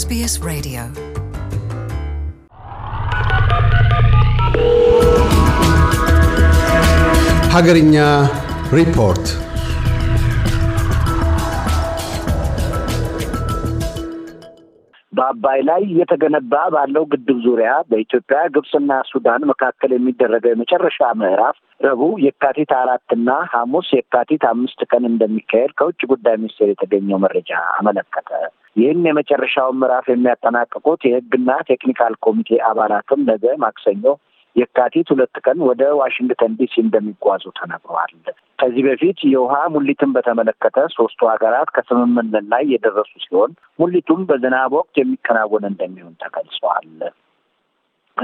SBS Radio. ሀገርኛ ሪፖርት በአባይ ላይ እየተገነባ ባለው ግድብ ዙሪያ በኢትዮጵያ ግብፅና ሱዳን መካከል የሚደረገው የመጨረሻ ምዕራፍ ረቡዕ የካቲት አራትና ሐሙስ የካቲት አምስት ቀን እንደሚካሄድ ከውጭ ጉዳይ ሚኒስቴር የተገኘው መረጃ አመለከተ። ይህን የመጨረሻውን ምዕራፍ የሚያጠናቅቁት የህግና ቴክኒካል ኮሚቴ አባላትም ነገ ማክሰኞ የካቲት ሁለት ቀን ወደ ዋሽንግተን ዲሲ እንደሚጓዙ ተነግሯል። ከዚህ በፊት የውሃ ሙሊትን በተመለከተ ሶስቱ ሀገራት ከስምምነት ላይ የደረሱ ሲሆን ሙሊቱም በዝናብ ወቅት የሚከናወን እንደሚሆን ተገልጸዋል።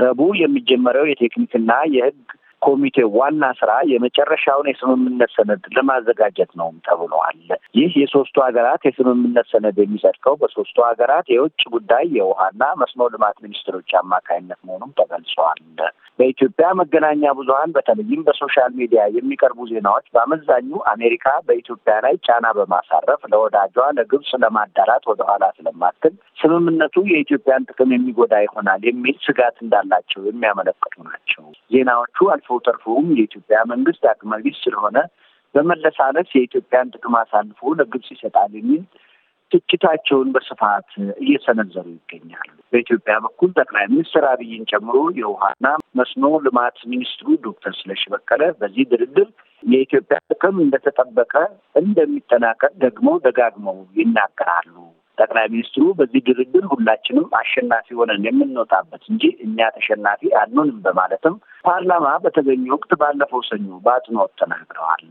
ረቡዕ የሚጀመረው የቴክኒክና የህግ ኮሚቴ ዋና ስራ የመጨረሻውን የስምምነት ሰነድ ለማዘጋጀት ነው ተብለዋል። ይህ የሶስቱ ሀገራት የስምምነት ሰነድ የሚጸድቀው በሶስቱ ሀገራት የውጭ ጉዳይ የውሃና መስኖ ልማት ሚኒስትሮች አማካኝነት መሆኑም ተገልጿል። በኢትዮጵያ መገናኛ ብዙሀን በተለይም በሶሻል ሚዲያ የሚቀርቡ ዜናዎች በአመዛኙ አሜሪካ በኢትዮጵያ ላይ ጫና በማሳረፍ ለወዳጇ ለግብፅ ለማዳላት ወደኋላ ስለማትል ስምምነቱ የኢትዮጵያን ጥቅም የሚጎዳ ይሆናል የሚል ስጋት እንዳላቸው የሚያመለክቱ ናቸው። ዜናዎቹ አልፎ ተርፎውም የኢትዮጵያ መንግስት አቅመቢስ ስለሆነ በመለሳለስ የኢትዮጵያን ጥቅም አሳልፎ ለግብፅ ይሰጣል የሚል ትችታቸውን በስፋት እየሰነዘሩ ይገኛሉ። በኢትዮጵያ በኩል ጠቅላይ ሚኒስትር አብይን ጨምሮ የውሃና መስኖ ልማት ሚኒስትሩ ዶክተር ስለሺ በቀለ በዚህ ድርድር የኢትዮጵያ ጥቅም እንደተጠበቀ እንደሚጠናቀቅ ደግሞ ደጋግመው ይናገራሉ። ጠቅላይ ሚኒስትሩ በዚህ ድርድር ሁላችንም አሸናፊ ሆነን የምንወጣበት እንጂ እኛ ተሸናፊ አንሆንም በማለትም ፓርላማ በተገኘ ወቅት ባለፈው ሰኞ በአጽንኦት ተናግረዋል።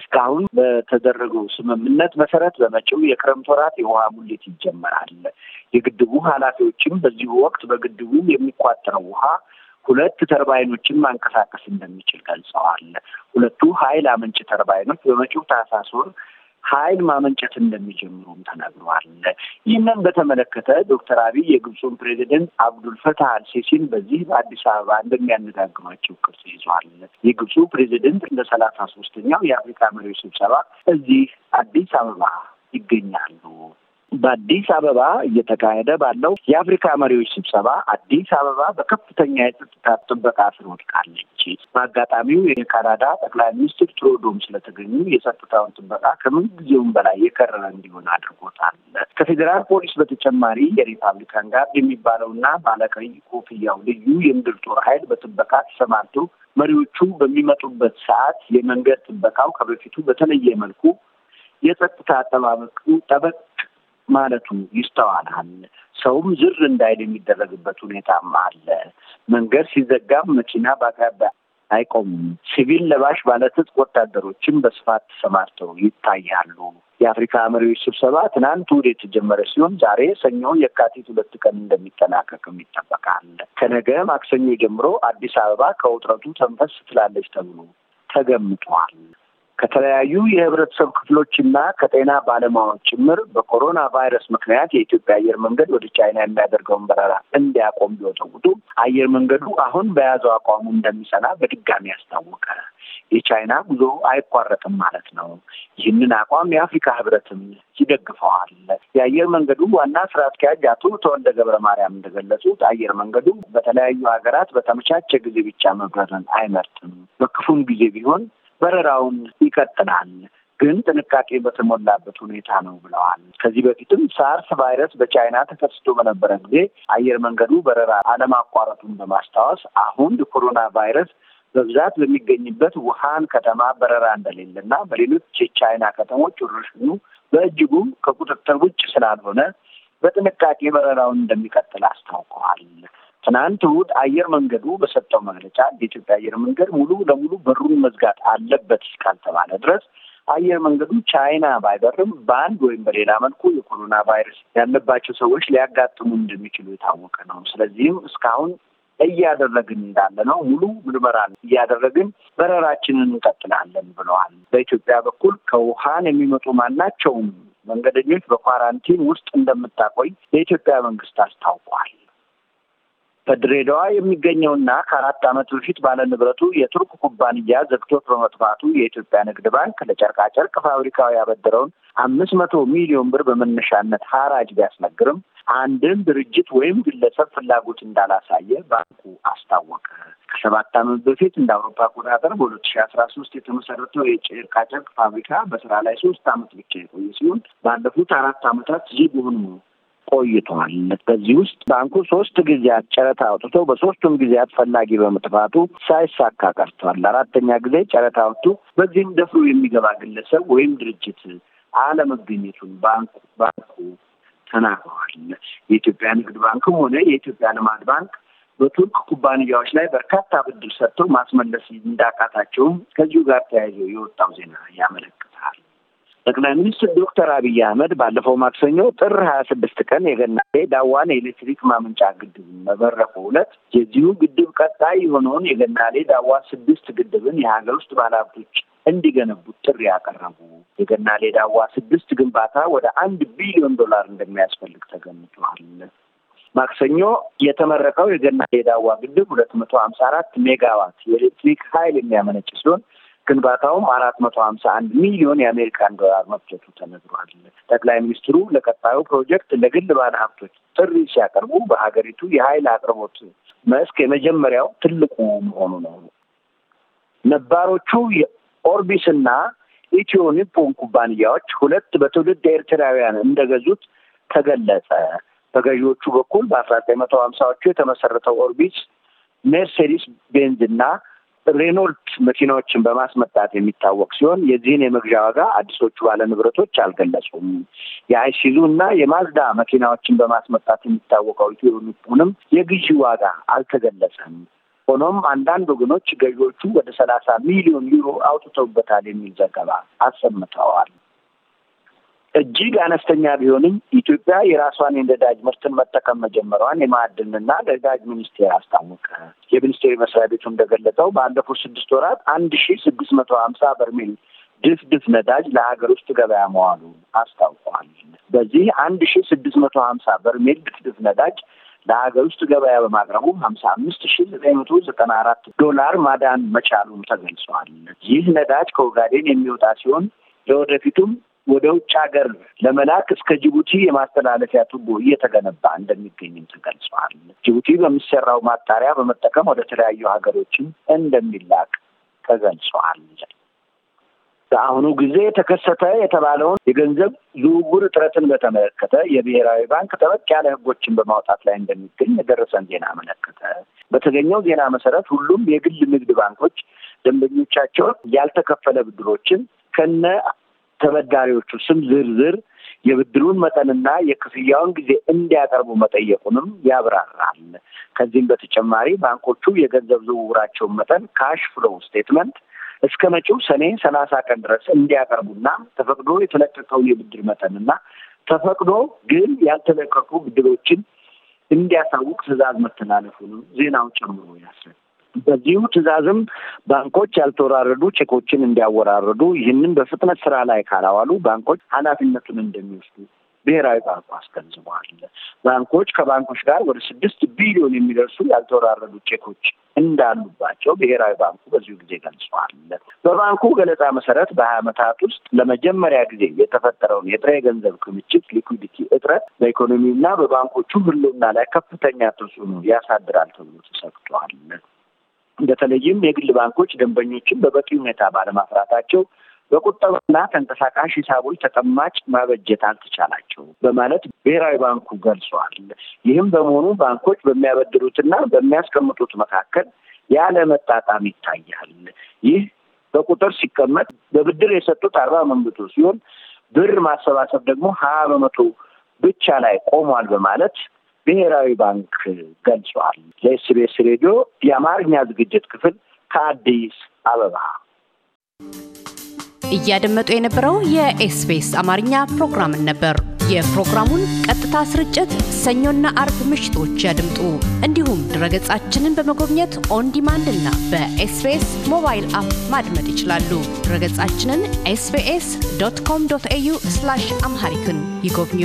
እስካሁን በተደረገው ስምምነት መሰረት በመጪው የክረምት ወራት የውሃ ሙሌት ይጀመራል። የግድቡ ኃላፊዎችም በዚሁ ወቅት በግድቡ የሚቋጠረው ውሃ ሁለት ተርባይኖችን ማንቀሳቀስ እንደሚችል ገልጸዋል። ሁለቱ ኃይል አመንጭ ተርባይኖች በመጪው ታህሳስ ወር ኃይል ማመንጨት እንደሚጀምሩም ተናግረዋል። ይህንን በተመለከተ ዶክተር አብይ የግብፁን ፕሬዚደንት አብዱልፈታህ ፈታህ አልሲሲን በዚህ በአዲስ አበባ እንደሚያነጋግሯቸው ቅርጽ ይዟል። የግብፁ ፕሬዚደንት ለሰላሳ ሶስተኛው የአፍሪካ መሪዎች ስብሰባ እዚህ አዲስ አበባ ይገኛሉ። በአዲስ አበባ እየተካሄደ ባለው የአፍሪካ መሪዎች ስብሰባ አዲስ አበባ በከፍተኛ የጸጥታ ጥበቃ ስር ወድቃለች። በአጋጣሚው የካናዳ ጠቅላይ ሚኒስትር ትሮዶም ስለተገኙ የጸጥታውን ጥበቃ ከምንጊዜውም በላይ የከረረ እንዲሆን አድርጎታል። ከፌዴራል ፖሊስ በተጨማሪ የሪፐብሊካን ጋርድ የሚባለውና ባለቀይ ኮፍያው ልዩ የምድር ጦር ኃይል በጥበቃ ተሰማርቶ መሪዎቹ በሚመጡበት ሰዓት የመንገድ ጥበቃው ከበፊቱ በተለየ መልኩ የጸጥታ አጠባበቁ ጠበቅ ማለቱ ይስተዋላል። ሰውም ዝር እንዳይል የሚደረግበት ሁኔታም አለ። መንገድ ሲዘጋም መኪና በአቅራቢያ አይቆምም ሲቪል ለባሽ ባለትጥቅ ወታደሮችም በስፋት ተሰማርተው ይታያሉ። የአፍሪካ መሪዎች ስብሰባ ትናንት ውድ የተጀመረ ሲሆን ዛሬ ሰኞ የካቲት ሁለት ቀን እንደሚጠናቀቅም ይጠበቃል። ከነገ ማክሰኞ ጀምሮ አዲስ አበባ ከውጥረቱ ተንፈስ ትላለች ተብሎ ተገምጧል። ከተለያዩ የህብረተሰብ ክፍሎችና ከጤና ባለሙያዎች ጭምር በኮሮና ቫይረስ ምክንያት የኢትዮጵያ አየር መንገድ ወደ ቻይና የሚያደርገውን በረራ እንዲያቆም ቢወተውጡ አየር መንገዱ አሁን በያዘው አቋሙ እንደሚሰራ በድጋሚ ያስታወቀ የቻይና ጉዞ አይቋረጥም ማለት ነው። ይህንን አቋም የአፍሪካ ህብረትም ይደግፈዋል። የአየር መንገዱ ዋና ስራ አስኪያጅ አቶ ተወልደ ገብረ ማርያም እንደገለጹት አየር መንገዱ በተለያዩ ሀገራት በተመቻቸ ጊዜ ብቻ መብረርን አይመርጥም። በክፉም ጊዜ ቢሆን በረራውን ይቀጥላል ግን ጥንቃቄ በተሞላበት ሁኔታ ነው ብለዋል። ከዚህ በፊትም ሳርስ ቫይረስ በቻይና ተከስቶ በነበረ ጊዜ አየር መንገዱ በረራ አለማቋረጡን በማስታወስ አሁን ኮሮና ቫይረስ በብዛት በሚገኝበት ውሃን ከተማ በረራ እንደሌለና በሌሎች የቻይና ከተሞች ወረርሽኙ በእጅጉ ከቁጥጥር ውጭ ስላልሆነ በጥንቃቄ በረራውን እንደሚቀጥል አስታውቀዋል። ትናንት እሑድ አየር መንገዱ በሰጠው መግለጫ የኢትዮጵያ አየር መንገድ ሙሉ ለሙሉ በሩን መዝጋት አለበት እስካልተባለ ድረስ አየር መንገዱ ቻይና ባይበርም በአንድ ወይም በሌላ መልኩ የኮሮና ቫይረስ ያለባቸው ሰዎች ሊያጋጥሙ እንደሚችሉ የታወቀ ነው። ስለዚህም እስካሁን እያደረግን እንዳለ ነው። ሙሉ ምርመራ እያደረግን በረራችንን እንቀጥላለን ብለዋል። በኢትዮጵያ በኩል ከውሃን የሚመጡ ማናቸውም መንገደኞች በኳራንቲን ውስጥ እንደምታቆይ የኢትዮጵያ መንግስት አስታውቋል። በድሬዳዋ የሚገኘውና ከአራት ዓመት በፊት ባለንብረቱ የቱርክ ኩባንያ ዘግቶት በመጥፋቱ የኢትዮጵያ ንግድ ባንክ ለጨርቃጨርቅ ፋብሪካው ያበደረውን አምስት መቶ ሚሊዮን ብር በመነሻነት ሐራጅ ቢያስነግርም አንድም ድርጅት ወይም ግለሰብ ፍላጎት እንዳላሳየ ባንኩ አስታወቀ። ከሰባት ዓመት በፊት እንደ አውሮፓ አቆጣጠር በሁለት ሺ አስራ ሶስት የተመሰረተው የጨርቃጨርቅ ፋብሪካ በስራ ላይ ሶስት ዓመት ብቻ የቆየ ሲሆን ባለፉት አራት ዓመታት ይህ በሆኑ ቆይቷል። በዚህ ውስጥ ባንኩ ሶስት ጊዜያት ጨረታ አውጥቶ በሶስቱም ጊዜያት ፈላጊ በመጥፋቱ ሳይሳካ ቀርቷል። አራተኛ ጊዜ ጨረታ አውጥቶ በዚህም ደፍሮ የሚገባ ግለሰብ ወይም ድርጅት አለመገኘቱን ባንኩ ባንኩ ተናግሯል። የኢትዮጵያ ንግድ ባንክም ሆነ የኢትዮጵያ ልማት ባንክ በቱርክ ኩባንያዎች ላይ በርካታ ብድር ሰጥተው ማስመለስ እንዳቃታቸውም ከዚሁ ጋር ተያይዞ የወጣው ዜና ያመለክታል። ጠቅላይ ሚኒስትር ዶክተር አብይ አህመድ ባለፈው ማክሰኞ ጥር ሀያ ስድስት ቀን የገናሌ ዳዋን የኤሌክትሪክ ማመንጫ ግድብ መመረቁ ዕለት የዚሁ ግድብ ቀጣይ የሆነውን የገናሌ ዳዋ ስድስት ግድብን የሀገር ውስጥ ባለሀብቶች እንዲገነቡት ጥሪ ያቀረቡ። የገናሌ ዳዋ ስድስት ግንባታ ወደ አንድ ቢሊዮን ዶላር እንደሚያስፈልግ ተገምቷል። ማክሰኞ የተመረቀው የገናሌ ዳዋ ግድብ ሁለት መቶ ሀምሳ አራት ሜጋዋት የኤሌክትሪክ ኃይል የሚያመነጭ ሲሆን ግንባታውም አራት መቶ ሀምሳ አንድ ሚሊዮን የአሜሪካን ዶላር መፍጀቱ ተነግሯል። ጠቅላይ ሚኒስትሩ ለቀጣዩ ፕሮጀክት ለግል ባለ ሀብቶች ጥሪ ሲያቀርቡ በሀገሪቱ የኃይል አቅርቦት መስክ የመጀመሪያው ትልቁ መሆኑ ነው። ነባሮቹ የኦርቢስና ኢትዮ ኒፖን ኩባንያዎች ሁለት በትውልድ ኤርትራውያን እንደገዙት ተገለጸ። በገዢዎቹ በኩል በአስራ ዘጠኝ መቶ ሀምሳዎቹ የተመሰረተው ኦርቢስ ሜርሴዲስ ቤንዝ እና ሬኖልድ መኪናዎችን በማስመጣት የሚታወቅ ሲሆን የዚህን የመግዣ ዋጋ አዲሶቹ ባለንብረቶች አልገለጹም። የአይሲዙ እና የማዝዳ መኪናዎችን በማስመጣት የሚታወቀው ኢትዮ ኒፖንም የግዢ ዋጋ አልተገለጸም። ሆኖም አንዳንድ ወገኖች ገዢዎቹ ወደ ሰላሳ ሚሊዮን ዩሮ አውጥተውበታል የሚል ዘገባ አሰምተዋል። እጅግ አነስተኛ ቢሆንም ኢትዮጵያ የራሷን የነዳጅ ምርትን መጠቀም መጀመሯን የማዕድንና ነዳጅ ሚኒስቴር አስታወቀ። የሚኒስቴር መስሪያ ቤቱ እንደገለጸው ባለፉት ስድስት ወራት አንድ ሺ ስድስት መቶ ሀምሳ በርሜል ድፍድፍ ነዳጅ ለሀገር ውስጥ ገበያ መዋሉ አስታውቋል። በዚህ አንድ ሺ ስድስት መቶ ሀምሳ በርሜል ድፍድፍ ነዳጅ ለሀገር ውስጥ ገበያ በማቅረቡ ሀምሳ አምስት ሺ ዘጠኝ መቶ ዘጠና አራት ዶላር ማዳን መቻሉም ተገልጿል። ይህ ነዳጅ ከኦጋዴን የሚወጣ ሲሆን ለወደፊቱም ወደ ውጭ ሀገር ለመላክ እስከ ጅቡቲ የማስተላለፊያ ቱቦ እየተገነባ እንደሚገኝም ተገልጿል። ጅቡቲ በሚሰራው ማጣሪያ በመጠቀም ወደ ተለያዩ ሀገሮችም እንደሚላክ ተገልጿል። በአሁኑ ጊዜ ተከሰተ የተባለውን የገንዘብ ዝውውር እጥረትን በተመለከተ የብሔራዊ ባንክ ጠበቅ ያለ ሕጎችን በማውጣት ላይ እንደሚገኝ የደረሰን ዜና አመለከተ። በተገኘው ዜና መሰረት ሁሉም የግል ንግድ ባንኮች ደንበኞቻቸውን ያልተከፈለ ብድሮችን ከነ ተበዳሪዎቹ ስም ዝርዝር የብድሩን መጠንና የክፍያውን ጊዜ እንዲያቀርቡ መጠየቁንም ያብራራል። ከዚህም በተጨማሪ ባንኮቹ የገንዘብ ዝውውራቸውን መጠን ካሽ ፍሎው ስቴትመንት እስከ መጪው ሰኔ ሰላሳ ቀን ድረስ እንዲያቀርቡና ተፈቅዶ የተለቀቀው የብድር መጠንና ተፈቅዶ ግን ያልተለቀቁ ብድሮችን እንዲያሳውቅ ትዕዛዝ መተላለፉንም ዜናው ጨምሮ ያስረዳል። በዚሁ ትዕዛዝም ባንኮች ያልተወራረዱ ቼኮችን እንዲያወራረዱ፣ ይህንን በፍጥነት ስራ ላይ ካላዋሉ ባንኮች ኃላፊነቱን እንደሚወስዱ ብሔራዊ ባንኩ አስገንዝበዋል። ባንኮች ከባንኮች ጋር ወደ ስድስት ቢሊዮን የሚደርሱ ያልተወራረዱ ቼኮች እንዳሉባቸው ብሔራዊ ባንኩ በዚሁ ጊዜ ገልጸዋል። በባንኩ ገለጻ መሰረት በሀያ ዓመታት ውስጥ ለመጀመሪያ ጊዜ የተፈጠረውን የጥሬ ገንዘብ ክምችት ሊኩዲቲ እጥረት በኢኮኖሚና በባንኮቹ ሕልውና ላይ ከፍተኛ ተጽዕኖ ያሳድራል ተብሎ ተሰግቷል። በተለይም የግል ባንኮች ደንበኞችን በበቂ ሁኔታ ባለማፍራታቸው በቁጠባና ተንቀሳቃሽ ሂሳቦች ተቀማጭ ማበጀት አልተቻላቸው በማለት ብሔራዊ ባንኩ ገልጿል። ይህም በመሆኑ ባንኮች በሚያበድሩትና በሚያስቀምጡት መካከል ያለ መጣጣም ይታያል። ይህ በቁጥር ሲቀመጥ በብድር የሰጡት አርባ በመቶ ሲሆን ብር ማሰባሰብ ደግሞ ሀያ በመቶ ብቻ ላይ ቆሟል በማለት ብሔራዊ ባንክ ገልጿል። ለኤስቤስ ሬዲዮ የአማርኛ ዝግጅት ክፍል ከአዲስ አበባ እያደመጡ የነበረው የኤስቤስ አማርኛ ፕሮግራምን ነበር። የፕሮግራሙን ቀጥታ ስርጭት ሰኞና አርብ ምሽቶች ያድምጡ። እንዲሁም ድረገጻችንን በመጎብኘት ኦን ዲማንድ እና በኤስቤስ ሞባይል አፕ ማድመጥ ይችላሉ። ድረገጻችንን ኤስቤስ ዶት ኮም ዶት ኤዩ አምሃሪክን ይጎብኙ።